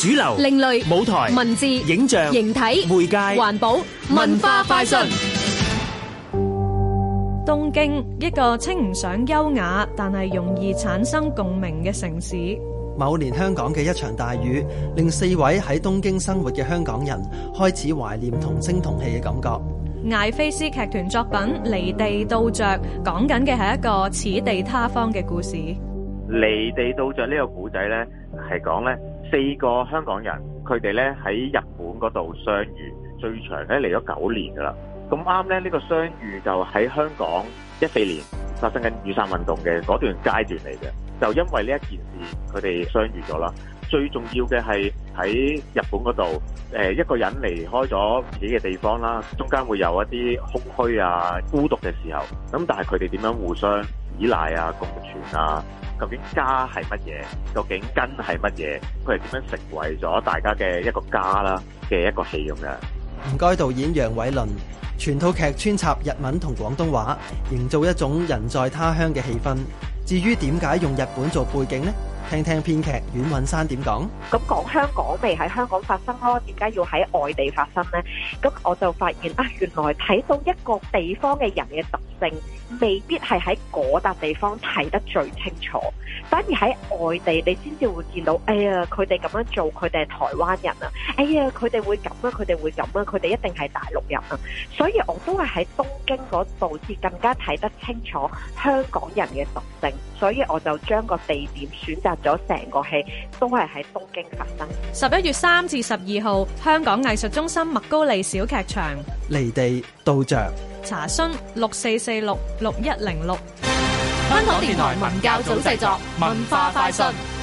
主流、另類、舞台、文字、影像、形體、媒介、環保、文化、快訊。東京，一個稱唔上優雅但係容易產生共鳴嘅城市。某年香港嘅一場大雨，令四位喺東京生活嘅香港人開始懷念同聲同氣嘅感覺。艾菲斯劇團作品《離地倒著》，講緊嘅係一個此地他方嘅故事。《離地倒著》呢個古仔咧，係講咧。四個香港人，佢哋咧喺日本嗰度相遇，最長咧嚟咗九年噶啦。咁啱咧，呢個相遇就喺香港一四年發生緊雨傘運動嘅嗰段階段嚟嘅。就因為呢一件事，佢哋相遇咗啦。最重要嘅係喺日本嗰度，呃，一個人離開咗自己嘅地方啦，中間會有一啲空虛啊、孤獨嘅時候。咁但係佢哋點樣互相依賴啊、共存啊？究竟家係乜嘢？究竟根係乜嘢？佢係點樣成為咗大家嘅一個家啦？嘅一個戲咁樣。唔該，導演楊偉倫，全套劇穿插日文同廣東話，營造一種人在他鄉嘅氣氛。至於點解用日本做背景呢？聽聽編劇阮韻山點講，咁講香港未喺香港發生咯，點解要喺外地發生咧？咁我就發現啊，原來睇到一個地方嘅人嘅特性，未必係喺嗰笪地方睇得最清楚，反而喺外地你先至會見到，哎呀，佢哋咁樣做，佢哋係台灣人啊！哎呀，佢哋會咁啊，佢哋會咁啊，佢哋一定係大陸人啊！所以我都係喺東京嗰度至更加睇得清楚香港人嘅特性，所以我就將個地點選擇。咗成個戲都係喺東京發生。十一月三至十二號，香港藝術中心麥高利小劇場，《離地道著》查詢六四四六六一零六。香港電台文教組製作文化快訊。